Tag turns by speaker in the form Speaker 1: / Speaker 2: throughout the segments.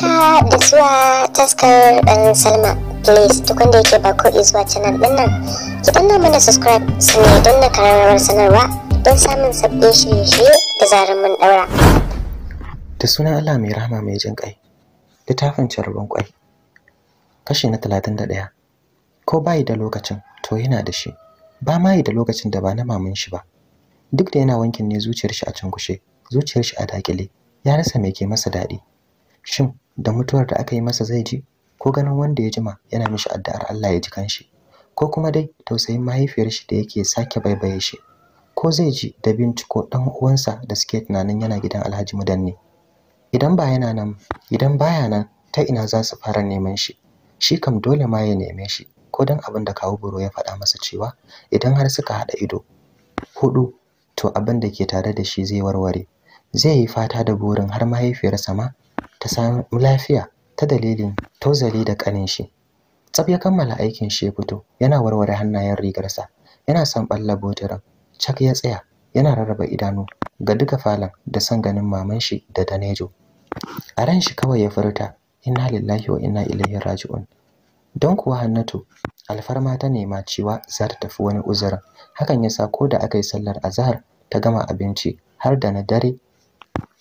Speaker 1: haka da zuwa taskar dan salma please duk wanda yake ba ko zuwa canal din nan ki danna mana subscribe su ne don na kararrawar sanarwa don samun sabbin shirye-shirye da zarar mun daura da suna allah mai rahama mai jin kai littafin carbon kwai kashi na ɗaya, ko bayi da lokacin to yana da shi ba ma yi da lokacin da ba na mamun shi ba duk da yana wankin ne zuciyar shi a cunkushe zuciyar shi a dakile ya rasa mai ke masa daɗi shin da mutuwar da aka yi masa zai ji ko ganin wanda ya jima yana mishi addu'ar Allah ya ji kanshi ko kuma dai tausayin mahaifiyar shi da yake sake baibaye shi ko zai ji da binciko dan uwansa da suke tunanin yana gidan Alhaji Mudanne idan ba yana nan idan baya nan ta ina za su fara neman shi shi kam dole ma ya neme shi ko dan abin da kawo buro ya faɗa masa cewa idan har suka haɗa ido hudu to abin da ke tare da shi zai warware zai yi fata da burin har mahaifiyarsa ma ta samu lafiya ta dalilin tozali da kanin shi tsab ya kammala aikin shi ya fito yana warware hannayen rigarsa yana son balla botiran cak ya tsaya yana rarraba idanu ga duka falon da son ganin maman shi da danejo a ran shi kawai ya furta inna lillahi wa inna ilaihi raji'un don kuwa hannatu alfarma ta nema cewa za ta tafi wani uzurin hakan yasa ko da aka yi sallar azhar ta gama abinci har da na dare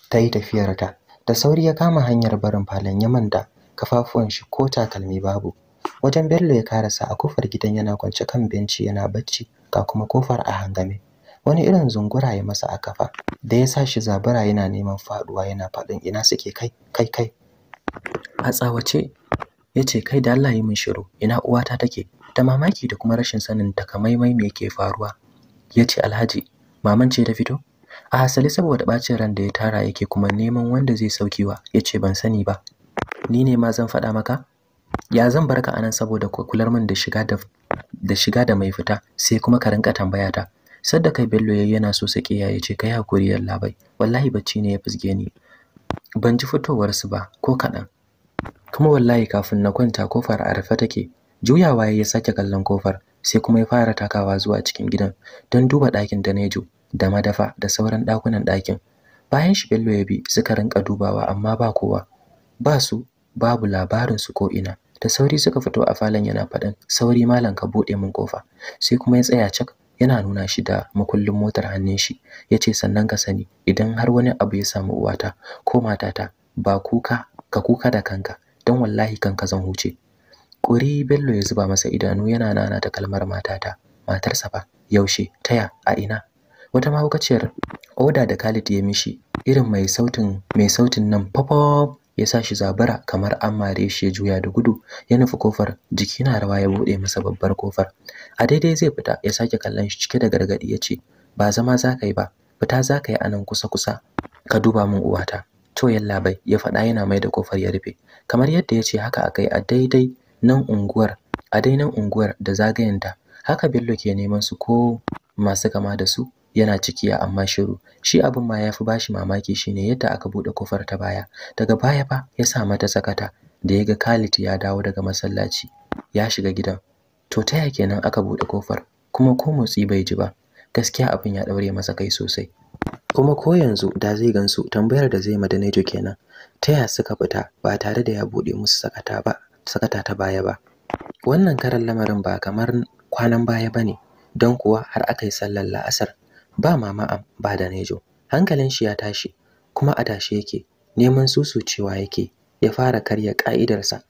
Speaker 1: ta yi tafiyarta da sauri ya kama hanyar barin falon ya da kafafuwan shi ko takalmi babu wajen bello ya karasa a kofar gidan yana kwance kan benci yana bacci ga kuma kofar a hangame wani irin zungura ya masa a kafa da ya sa shi zabura yana neman faduwa yana faɗin ina suke kai kai kai a tsawace ya ce kai da Allah yi min shiru ina uwata take da mamaki da kuma rashin sanin takamaimai me yake faruwa ya ce alhaji maman ce ta fito a hasali saboda bacin ran da ya tara yake kuma neman wanda zai saukewa ce ban sani ba ni ne ma zan faɗa maka ya zan barka anan saboda kular min da shiga da da shiga da mai fita sai kuma ka rinka tambaya ta sadda kai bello yayi yana so sake ya yace kai hakuri yalla bai wallahi bacci ne ya fusge ni ban ji fitowar su ba ko kaɗan? kuma wallahi kafin na kwanta kofar a rufe take juyawa ya sake kallon kofar sai kuma ya fara takawa zuwa cikin gidan don duba dakin da da madafa da sauran ɗakunan ɗakin. Bayan shi Bello ya bi suka rinka dubawa amma ba kowa. Ba su babu labarin su ko ina. Da sauri suka fito a falon yana faɗin sauri malam ka buɗe min kofa. Sai kuma ya tsaya cak yana nuna shi da makullin motar hannun shi. Ya ce sannan ka sani idan har wani abu ya samu uwata ko matata ba kuka ka kuka da kanka don wallahi kanka zan huce. kuri Bello ya zuba masa idanu yana nana da kalmar matata. Matarsa ba yaushe taya a ina wata mahaukaciyar oda da Khalid ya mishi irin mai sautin mai sautin nan popop ya sa shi zabara kamar an mare shi ya juya da gudu ya nufi kofar jiki na rawa ya bude masa babbar kofar a daidai zai fita ya sake kallon shi cike da gargadi ya ce ba zama za ka yi ba fita za ka yi anan kusa kusa ka duba min uwata to yalla bai ya faɗa yana mai da kofar ya rufe kamar yadda ya ce haka akai a daidai nan unguwar a dainan unguwar da zagayenta haka bello ke neman su ko masu kama da su yana ciki amma shiru shi abin ma yafi bashi mamaki shine yadda aka bude kofar ta baya daga baya fa ya sa mata sakata da yaga Khalid ya dawo daga masallaci ya shiga gidan to ta ya kenan aka bude kofar kuma ko motsi bai ji ba gaskiya abin ya daure masa kai sosai kuma ko yanzu da zai gansu tambayar da zai madanejo kenan ta ya suka fita ba tare da ya bude musu sakata ba sakata ta baya ba wannan karan lamarin ba kamar kwanan baya bane don kuwa har aka yi sallar la'asar ba mama am ba danejo hankalin shi ya tashi kuma a tashi yake neman susucewa yake ya fara karya ka'idarsa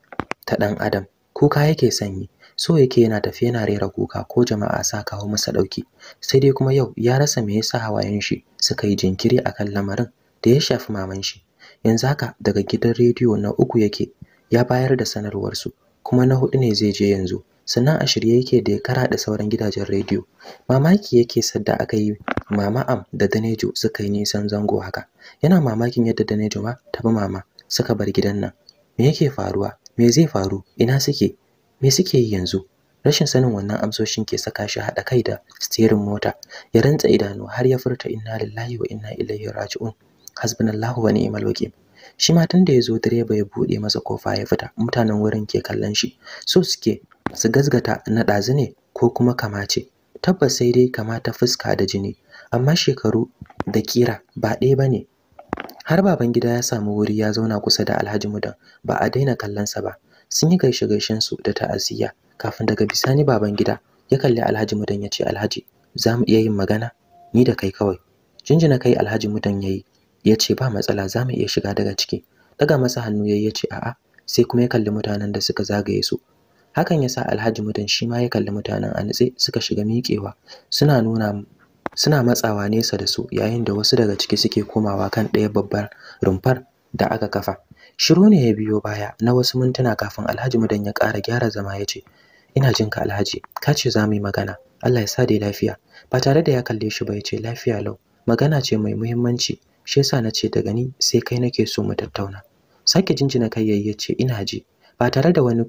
Speaker 1: ta dan adam kuka yake sanyi so yake yana tafi yana rera kuka ko jama'a sa kawo masa dauki sai dai kuma yau ya rasa me yasa hawayen shi suka yi jinkiri akan lamarin da ya shafi maman shi yanzu haka daga gidan rediyo na uku yake ya bayar da sanarwar su kuma na hudu ne zai je yanzu sannan a shirye yake da ya da sauran gidajen rediyo mamaki yake sadda aka yi mama am da danejo suka yi nisan zango haka yana mamakin yadda danejo ma ta bi mama suka bar gidan nan me yake faruwa me zai faru ina suke me suke yi yanzu rashin sanin wannan amsoshin ke saka shi haɗa kai da steering mota ya rantsa idanu har ya furta inna lillahi wa inna ilaihi raji'un hasbunallahu wa ni'mal wakil shi ma tun da ya zo direba ya buɗe masa kofa ya fita mutanen wurin ke kallon shi so suke su gazgata na ɗazu ne ko kuma kamace tabbas sai dai kama ta fuska da jini amma shekaru da kira ba ɗaya ba ne har baban gida ya samu wuri ya zauna kusa da alhaji mudan ba a daina kallonsa ba sun yi gaishe gaishen su da ta'aziyya kafin daga bisani baban gida ya kalli alhaji mudan ya ce alhaji za mu iya yin magana ni da kai kawai jinjina kai alhaji mudan ya yi ya ce ba matsala za mu iya shiga daga ciki daga masa hannu ya yi ya ce a'a sai kuma ya kalli mutanen da suka zagaye su hakan yasa Alhaji Mutan shi ma ya kalli mutanen a nutse suka shiga miƙewa suna nuna suna matsawa nesa da su yayin da wasu daga ciki suke komawa kan ɗaya babbar rumfar da aka kafa shiru ne ya biyo baya na wasu mintuna kafin Alhaji mudan ya ƙara gyara zama ya ce ina jin ka Alhaji ka ce za mu yi magana Allah ya sa dai lafiya ba tare da ya kalle shi ba ya ce lafiya lau magana ce mai muhimmanci shi yasa na ce daga ni sai kai nake so mu tattauna sake jinjina kai yayi yace ina ji ba tare da wani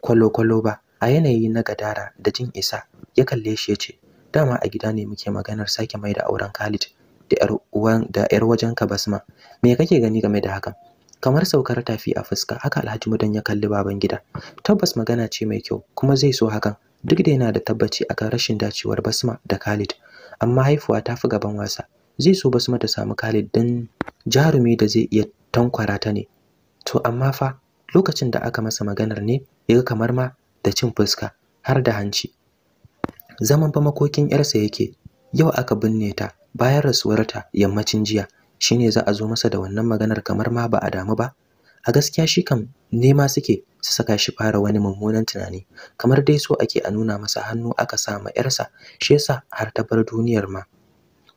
Speaker 1: kwalo-kwalo ba a yanayi na gadara da jin isa ya kalle shi ya ce dama a gida ne muke maganar sake mai da auren Khalid da ƴar uwan da ƴar ka Basma me kake gani game da hakan kamar saukar tafi a fuska haka Alhaji Mudan ya kalli baban gida tabbas magana ce mai kyau kuma zai so hakan duk da yana da tabbaci akan rashin dacewar Basma da Khalid amma haifuwa ta fi gaban wasa zai so Basma ta samu Khalid dan jarumi da zai iya tankwara ta ne to amma fa lokacin da aka masa maganar ne ya ga kamar ma da cin fuska har da hanci zaman ba makokin yarsa yake yau aka binne ta bayan rasuwar ta yammacin jiya shine za a zo masa da wannan maganar kamar ma ba a damu ba a gaskiya shi kam nema suke su saka shi fara wani mummunan tunani kamar dai so ake a nuna masa hannu aka sa ma yarsa shi yasa har ta bar duniyar ma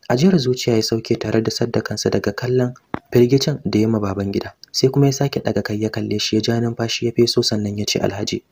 Speaker 1: ajiyar zuciya ya sauke tare da sadda kansa daga kallon firgicin da ya ma baban gida sai kuma ya sake daga kai ya kalle shi ya ja numfashi ya feso sannan ya ce alhaji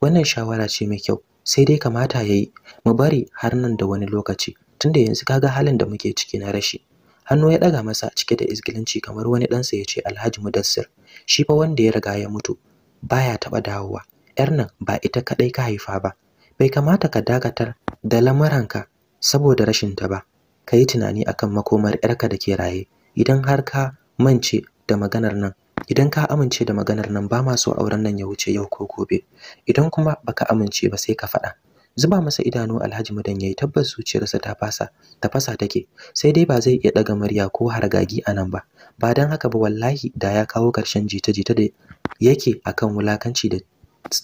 Speaker 1: wannan shawara ce mai kyau sai dai kamata yayi mu bari har nan da wani lokaci tunda yanzu kaga halin da muke ciki na rashi hannu ya daga masa cike da izgilinci kamar wani ɗansa ya ce alhaji mudassir shi fa wanda ya riga ya mutu baya taɓa dawowa yar nan ba ita kaɗai ka haifa ba bai kamata ka dakatar da lamuranka saboda rashin ta ba ka yi tunani akan makomar 'yarka da ke raye idan har ka mance da maganar nan idan ka amince da maganar nan ba ma so auren nan ya wuce yau ko gobe idan kuma baka amince ba sai ka faɗa zuba masa idanu Alhaji Mudan yayi tabbas zuciyarsa ta fasa ta fasa take sai dai ba zai iya daga murya ko hargagi nan ba ba dan haka ba wallahi da ya kawo karshen jita-jita da yake akan wulakanci da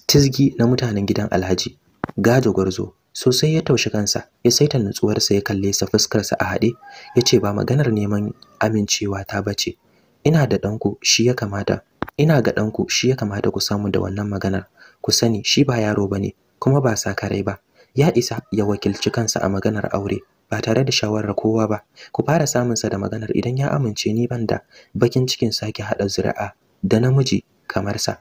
Speaker 1: tizgi na mutanen gidan Alhaji Gajo Gwarzo sosai ya taushi kansa ya saita nutsuwarsa ya kalle sa fuskarsa a haɗe ya ce ba maganar neman amincewa ta bace ina da ɗanku shi ya kamata ina ga ɗanku shi ya kamata ku samu da wannan maganar ku sani shi ba yaro ba ne kuma ba sakarai ba ya isa ya wakilci kansa a maganar aure ba tare da shawarar kowa ba ku fara samun sa da maganar idan ya amince ni banda bakin cikin sake haɗa zuri'a da namiji kamar sa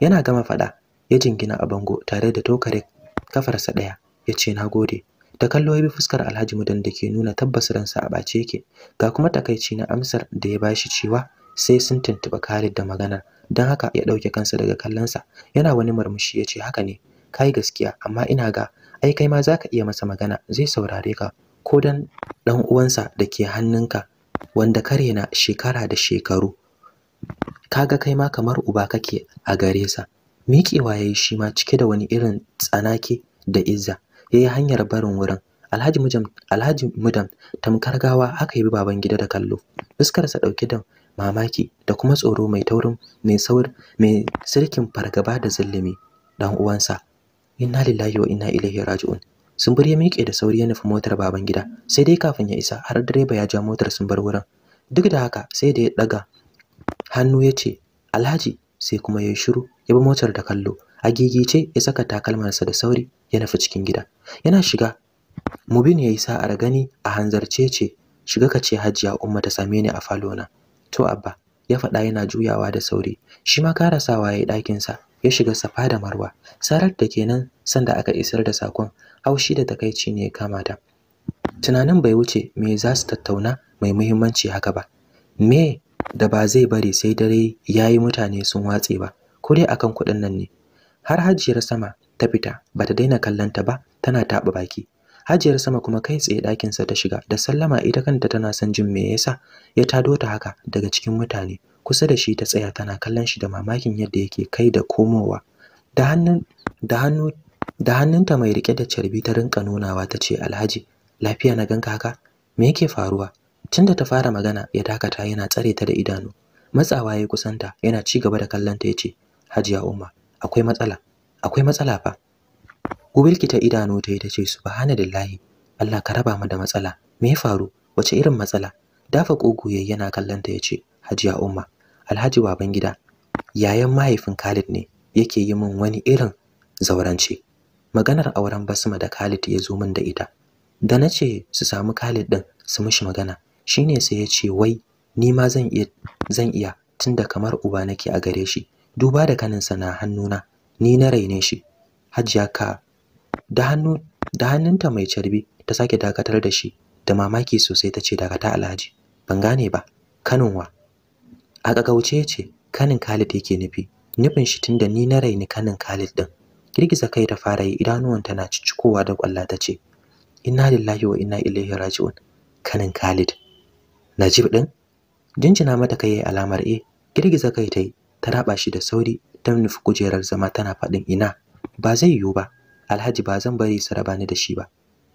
Speaker 1: yana gama faɗa ya jingina a bango tare da tokare kafarsa ɗaya ya ce na gode da kallo ya bi fuskar alhaji mudan da ke nuna tabbas ransa a ɓace yake ga kuma takaici na amsar da ya bashi cewa sai sun tuntuɓi Khalid da magana, don haka ya ɗauke kansa daga kallonsa yana wani murmushi ya ce haka ne kai gaskiya amma ina ga ai kai ma zaka iya masa magana zai saurare ka ko dan ɗan uwansa da ke hannunka wanda kare na shekara da shekaru kaga kai ma kamar uba kake a gare sa miƙewa yayi shi ma cike da wani irin tsanaki da izza ya yi hanyar barin wurin alhaji Mudan alhaji mudam tamkar gawa aka yi baban gida da kallo fuskarsa ɗauke da mamaki da kuma tsoro mai taurin mai saur mai sirkin fargaba da zullumi dan uwansa inna lillahi wa inna ilaihi raji'un sumbur ya miƙe da sauri ya nufi motar baban gida sai dai kafin ya isa har direba ya ja motar sun bar wurin duk da haka sai da ya ɗaga. hannu ya ce alhaji sai kuma ya shiru ya bi motar da kallo a gigice ya saka takalmarsa da sauri ya nufi cikin gida yana shiga mubin yayi sa'ar gani a hanzarce ce shiga ka ce hajiya umma ta same ni a falona to abba ya faɗa yana juyawa da sauri shi ma karasawa yayi ɗakin sa ya shiga safa da marwa sarar da kenan sanda aka isar da sakon haushi da takaici ne ya kama tunanin bai wuce me za su tattauna mai muhimmanci haka ba me da ba zai bari sai dare ya yi mutane sun watse ba ko dai akan kuɗin nan ne har hajiyar sama ta fita bata daina kallon ta ba tana taɓa baki hajiyar sama kuma kai tsaye sa ta shiga da sallama ita kanta tana son jin me yasa ya tado ta haka daga cikin mutane kusa da shi ta tsaya tana kallon shi da mamakin yadda yake kai da komowa da hannun da hannu da hannunta mai rike da carbi ta rinka nunawa ta ce alhaji lafiya na ganka haka me yake faruwa tunda ta fara magana ya dakata yana tsare ta da idanu matsawa ya kusanta yana ci gaba da kallonta ya ce hajiya umma akwai matsala akwai matsala fa Ubilki ta idanu ta yi ta ce subhanallahi Allah ka raba mu da matsala me ya faru wace irin matsala dafa kogo yayi yana kallon ta yace Hajiya Umma Alhaji baban gida yayan mahaifin Khalid ne yake yi min wani irin zaurance maganar auren Basma da Khalid ya zo min da ita da nace su samu Khalid din su mishi magana shine sai ya ce wai ni ma zan iya zan iya tunda kamar uba nake a gare shi duba da kaninsa na hannuna ni na raine shi hajiya ka da hannu da hannunta mai carbi ta sake dakatar da shi da mamaki sosai ta ce ta alhaji ban gane ba kanin wa a gagauce ce kanin Khalid yake nufi nufin shi tunda ni na raini kanin Khalid din girgiza kai ta fara yi idanuwan tana ciccikowa da kwalla ta ce inna lillahi wa inna ilaihi raji'un kanin Khalid Najib din jinjina mata kai alamar e girgiza kai ta yi ta raba shi da sauri ta nufi kujerar zama tana faɗin ina ba zai yiwu ba alhaji ba zan bari su raba ni da shi ba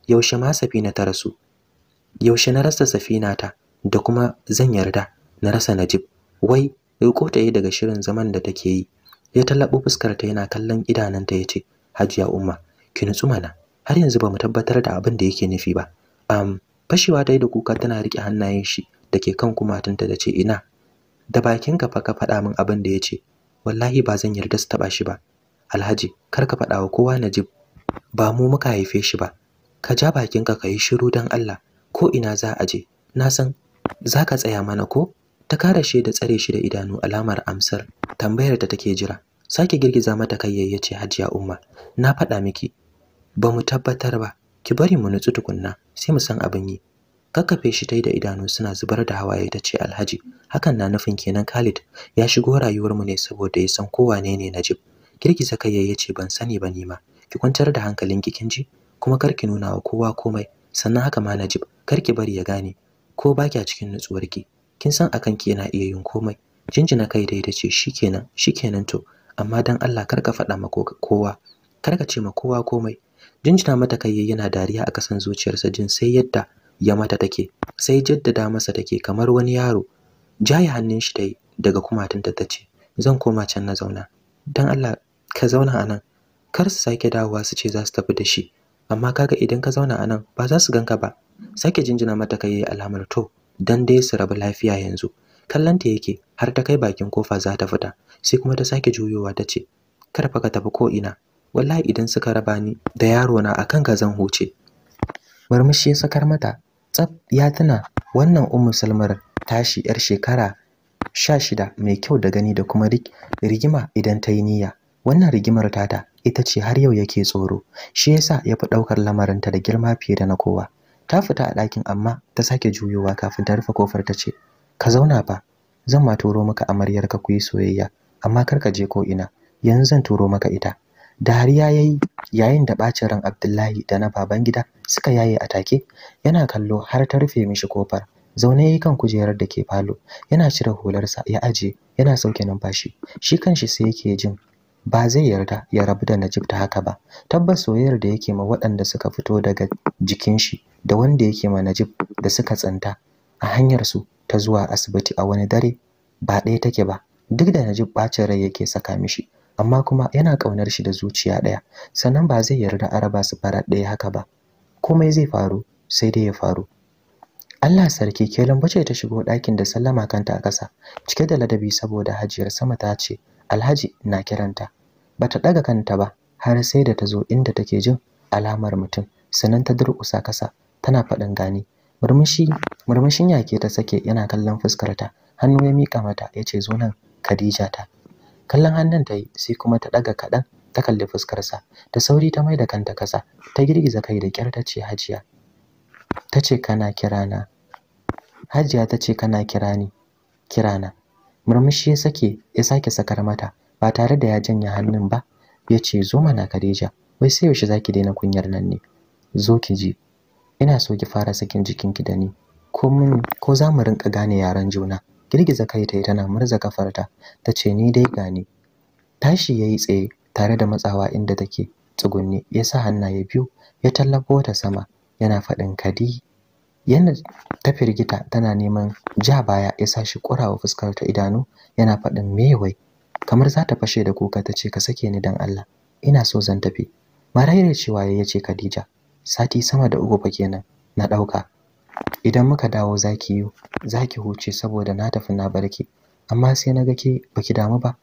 Speaker 1: yaushe ma safina ta rasu yaushe na rasa safina ta da kuma zan yarda na rasa najib wai riko ta yi daga shirin zaman da take yi ya tallabo fuskar ta yana kallon idananta ce. hajiya umma ki nutsu mana har yanzu bamu tabbatar da abin da yake nufi ba um fashewa dai da kuka tana rike hannayen shi da ke kan kumatunta da ce ina da bakinka fa ka faɗa min abin da ya ce wallahi ba zan yarda su taɓa shi ba alhaji kar ka faɗa wa kowa najib ba mu muka haife shi ba ka ja bakinka ka yi shiru dan allah ko ina za a je na san zaka tsaya mana ko ta kara shi da tsare shi da idanu alamar amsar tambayar da take jira sake girgiza mata kai ya ce hajiya umma na faɗa miki ba mu tabbatar ba ki bari mu nutsu tukunna sai mu san abin yi kakkafe shi tai da idanu suna zubar da hawaye ta ce alhaji hakan na nufin kenan khalid ya shigo rayuwarmu ne saboda ya san kowa ne najib girgiza kai ya ce ban sani ba ni ma ki kwantar da ki, kin ji kuma kar ki nuna wa kowa komai sannan haka ma najib kar ki bari ya gane ko ba kya cikin nutsuwar ki? kin san akan ki yana iya yin komai jinjina kai dai ta ce shikenan shikenan to amma dan Allah kar ka faɗa ma kowa kar ka ce ma kowa komai jinjina mata kai yana dariya a kasan zuciyarsa jin sai yadda ya mata take sai jaddada masa take kamar wani yaro jaye hannun shi ta daga kumatunta ta ce zan koma can na zauna dan Allah ka zauna anan, kar su sake dawowa su ce za su tafi da shi amma kaga idan ka zauna anan, ba za su ganka ba sake jinjina mata kai yayi alamar to dan dai su rabu lafiya yanzu kallanta yake har ta kai bakin kofa za ta fita sai kuma ta sake juyowa tace ce kar fa ka tafi ko ina wallahi idan suka raba ni da yaro na akan ka zan huce murmushi ya sakar mata tsaf ya tuna wannan umu salmar tashi yar shekara sha shida mai kyau da gani da kuma rigima idan ta yi niyya wannan rigimar tata ita ce har yau yake tsoro shi yasa ya fi ɗaukar lamarinta da girma fiye da na kowa ta fita a ɗakin amma ta sake juyowa kafin ta rufe kofar ta ce ka zauna ba. zan ma turo maka ka ku yi soyayya amma kar ka je ko ina yanzu zan turo maka ita dariya ya yi yayin da ɓacin ran abdullahi da na baban gida suka yaye a take yana kallo har ta rufe mishi kofar zaune ya yi kan kujerar da ke falo yana cire hularsa ya aje yana sauke numfashi shi kan shi sai yake jin ba zai yarda ya rabu da najib ta haka ba tabbas soyayyar da yake ma waɗanda suka fito daga jikin shi da wanda yake ma najib da suka tsinta a hanyar su ta zuwa asibiti a wani dare ba ɗaya take ba duk da najib ɓacin rai yake saka mishi amma kuma yana ƙaunar shi da zuciya ɗaya sannan ba zai yarda a raba su fara ɗaya haka ba komai zai faru sai dai ya faru Allah sarki ke lambace ta shigo ɗakin da sallama kanta a ƙasa cike da ladabi saboda hajiyar sama ta ce alhaji na kiranta bata ɗaga kanta ba har sai da ta zo inda take jin alamar mutum sannan ta durƙusa ƙasa tana faɗin gani murmushi murmushin yake ta sake yana kallon fuskarta hannu ya miƙa mata ya ce zo nan Khadija ta kallon hannun ta yi sai kuma ta ɗaga kaɗan ta kalli fuskarsa da sauri ta mai da kanta kasa ta girgiza kai da kyar ta ce hajiya ta ce kana kirana hajiya ta ce kana kirani kirana murmushi ya sake ya sake sakar mata ba tare da ya janye hannun ba ya ce zo mana kadeja wai sai yaushe zaki daina kunyar nan ne zo ki ji ina so ki fara sakin jikinki da ni ko mun ko za mu rinka gane yaren juna girgiza kai ta yi tana murza kafarta ta ce ni dai gani tashi ya yi tsaye tare da matsawa inda take tsugunni ya sa hannaye biyu ya tallafo ta sama yana faɗin kadi yana ta firgita tana neman ja baya ya sa shi ƙurawa fuskar ta idanu yana faɗin mewai kamar za ta fashe da kuka ta ce ka sake ni dan Allah ina so zan tafi maraire cewa ya ce Khadija sati sama da uku fa kenan na ɗauka idan muka dawo zaki yi zaki huce saboda na tafi na barki amma sai na ga ke baki damu ba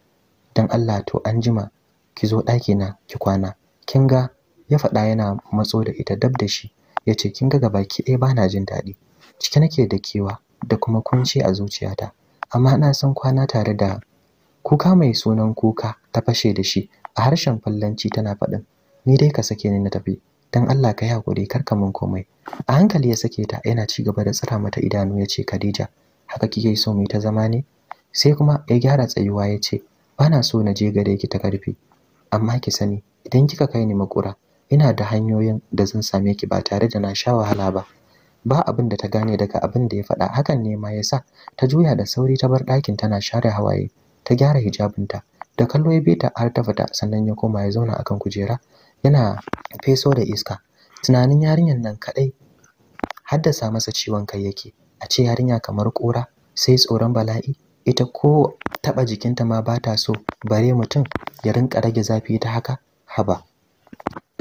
Speaker 1: dan Allah to an jima ki zo ɗaki na ki kwana kin ga ya faɗa yana matso da ita dab da shi yace kin ga gabaki ɗaya bana jin daɗi cike nake da kewa da kuma kunci a zuciyata amma na san kwana tare da kuka mai sunan kuka ta fashe da shi a harshen fallanci tana faɗin ni dai ka sake ni na tafi dan Allah ka yi hakuri kar ka mun komai a hankali ya sake ta yana ci gaba da tsira mata idanu ya ce Khadija haka kike so mu yi ta zama ne sai kuma ya gyara tsayuwa ya ce bana so na je gare ki ta karfi amma ki sani idan kika kai ni makura ina da hanyoyin da zan same ki ba tare da na sha wahala ba ba abin da ta gane daga abin da ya faɗa hakan ne ma yasa ta juya da sauri ta bar ɗakin tana share hawaye ta gyara hijabinta da kallo ya beta har ta fita sannan ya koma ya zauna akan kujera yana feso da iska tunanin yarinyar nan kadai haddasa masa ciwon kai yake a ce yarinya kamar kura sai tsoron bala'i ita ko taba jikinta ma ba ta so bare mutum ya rinka rage zafi ta haka haba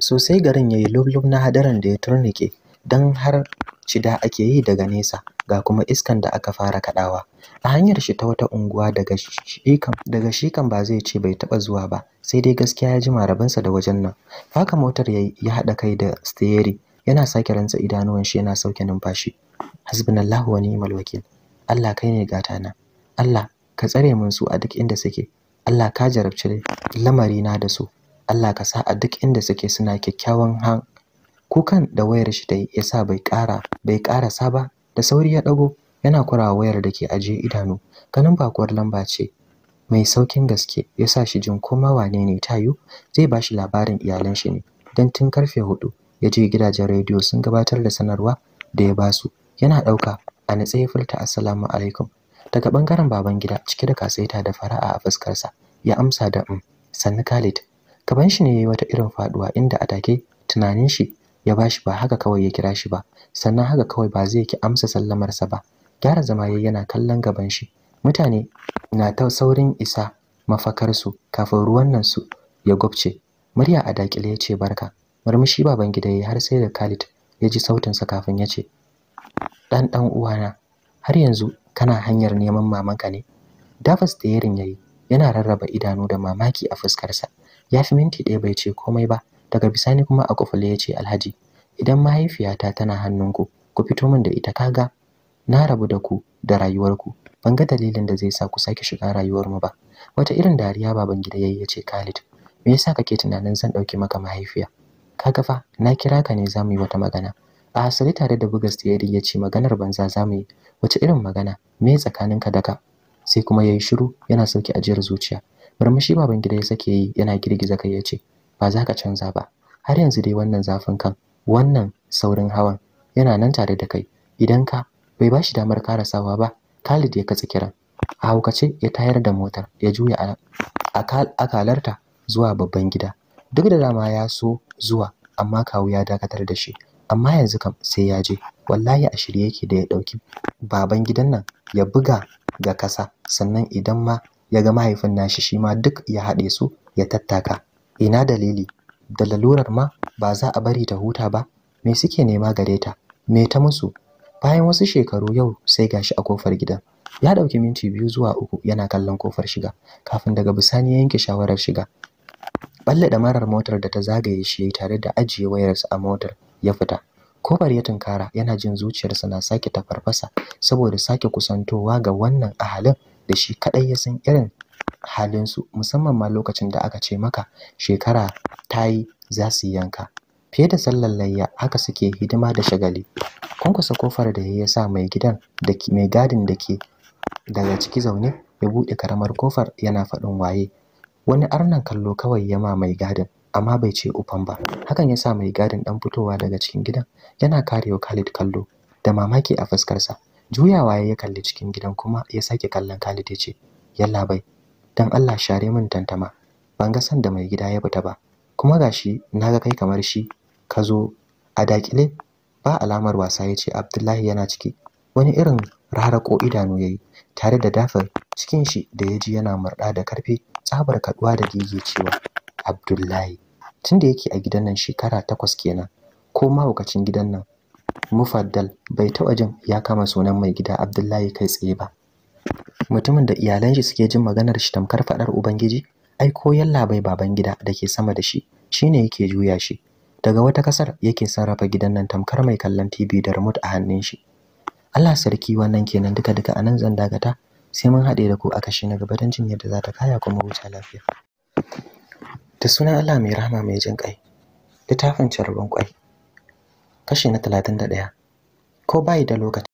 Speaker 1: sosai garin yayi lublub na hadarin da ya turnike dan har shida ake yi daga nesa ga kuma iskan da aka fara kaɗawa a hanyar shi ta wata unguwa daga shi kan daga shi ba zai ce bai taɓa zuwa ba sai dai gaskiya ya jima rabinsa da wajen nan haka motar ya haɗa kai da steri yana sake rantsa idanuwan shi yana sauke numfashi hasbunallahu wa ni'mal wakil Allah kai ne gata na Allah ka tsare mun su a duk inda suke Allah ka jarabci lamari na da su Allah ka sa a duk inda suke suna kyakkyawan kukan da wayar shi ta yi ya sa bai ƙara bai ba da sauri ya ɗago yana kurawa wayar da ke ajiye idanu ganin bakuwar lamba ce mai saukin gaske ya sa shi jin koma wane ne tayu zai ba shi labarin iyalan shi ne don tun karfe hudu ya je gidajen rediyo sun gabatar da sanarwa da ya basu yana ɗauka a natsaye a furta assalamu alaikum daga bangaren baban gida cike da kasaita da fara'a a fuskarsa ya amsa da um sannu khalid kaban shi ne ya yi wata irin faduwa inda a take tunanin shi ya bashi ba haka kawai ya kira shi ba sannan haka kawai ba zai ki amsa sallamar sa ba gyara zama yayi yana kallon gaban shi mutane na ta saurin isa mafakar su kafin ruwan nan su ya gwabce murya a dakile ya ce barka murmushi baban gida yayi har sai da Khalid ya ji sautin sa kafin ya ce dan dan uwana har yanzu kana hanyar neman mamanka ne dafas da yarin yayi yana rarraba idanu da mamaki a fuskarsa ya fi minti ɗaya bai ce komai ba daga bisani kuma a kufule ya ce alhaji idan mahaifiyata tana hannunku ku fito min da ita kaga na rabu da ku da rayuwarku ban ga dalilin da zai sa ku sake shiga rayuwar mu ba wata irin dariya baban gida yayi yace Khalid me yasa kake tunanin zan dauke maka mahaifiya kaga fa na kira ka ne zamu yi wata magana a hasali tare da bugas ya yace maganar banza zamu yi wata irin magana me tsakaninka da ka sai kuma yayi shiru yana sauki ajiyar zuciya murmushi baban gida ya sake yi yana girgiza kai yace ba za ka canza ba har yanzu dai wannan zafin kan wannan saurin hawan yana nan tare da kai idan ka bai bashi damar karasawa ba Khalid ya katse kiran a haukace ya tayar da motar ya juya kalarta zuwa babban gida duk da dama ya so zuwa amma kawu ya dakatar da shi amma yanzu kam sai ya je wallahi a shirye yake da ya dauki baban gidan nan ya buga ga kasa sannan idan ma ya ga mahaifin nashi shi ma duk ya haɗe su ya tattaka ina dalili da lalurar ma ba za a bari ta huta ba me suke nema gare ta me ta musu bayan wasu shekaru yau sai gashi a kofar gidan ya ɗauki minti biyu zuwa uku yana kallon kofar shiga kafin daga bisani ya yanke shawarar shiga balle da marar motar da ta zagaye shi tare da ajiye wayarsa a motar ya fita kofar ya tunkara yana jin zuciyarsa na sake tafarfasa saboda sake kusantowa ga wannan ahalin da shi kadai ya san irin halinsu musamman ma lokacin da aka ce maka shekara ta yi za su yanka fiye da sallar layya haka suke hidima da shagali kwankwasa kofar da ya sa mai gidan da mai gadin da ke daga ciki zaune ya buɗe karamar kofar yana faɗin waye wani arnan kallo kawai ya ma mai gadin amma bai ce ufan ba hakan ya sa mai gadin ɗan fitowa daga cikin gidan yana karewa Khalid kallo da mamaki a fuskarsa juyawa ya kalli cikin gidan kuma ya sake kallon Khalid ya ce yalla bai dan Allah share min tantama ban ga san da mai gida ya fita ba kuma gashi ga kai kamar shi ka zo a dakile ba alamar wasa ya ce Abdullahi yana ciki wani irin rarako idanu yi tare da dafar cikin shi da ya ji yana murda da karfi tsabar kaduwa da gige cewa Abdullahi tunda yake a gidan nan shekara takwas kenan ko mahaukacin gidan nan Mufaddal bai taɓa jin ya kama sunan mai gida Abdullahi kai tsaye ba mutumin da iyalan shi suke jin maganar shi tamkar fadar ubangiji ai ko bai baban gida ke sama da shi shine yake juya shi daga wata kasar yake sarrafa gidan nan tamkar mai kallon TV da remote a hannun shi Allah sarki wannan kenan duka duka anan zan dagata sai mun haɗe da ku a kashi na gaba don jin yadda za ta kaya kuma wuce lafiya da sunan Allah mai rahama mai jin kai littafin carbon kwai kashi na 31 ko bai da lokaci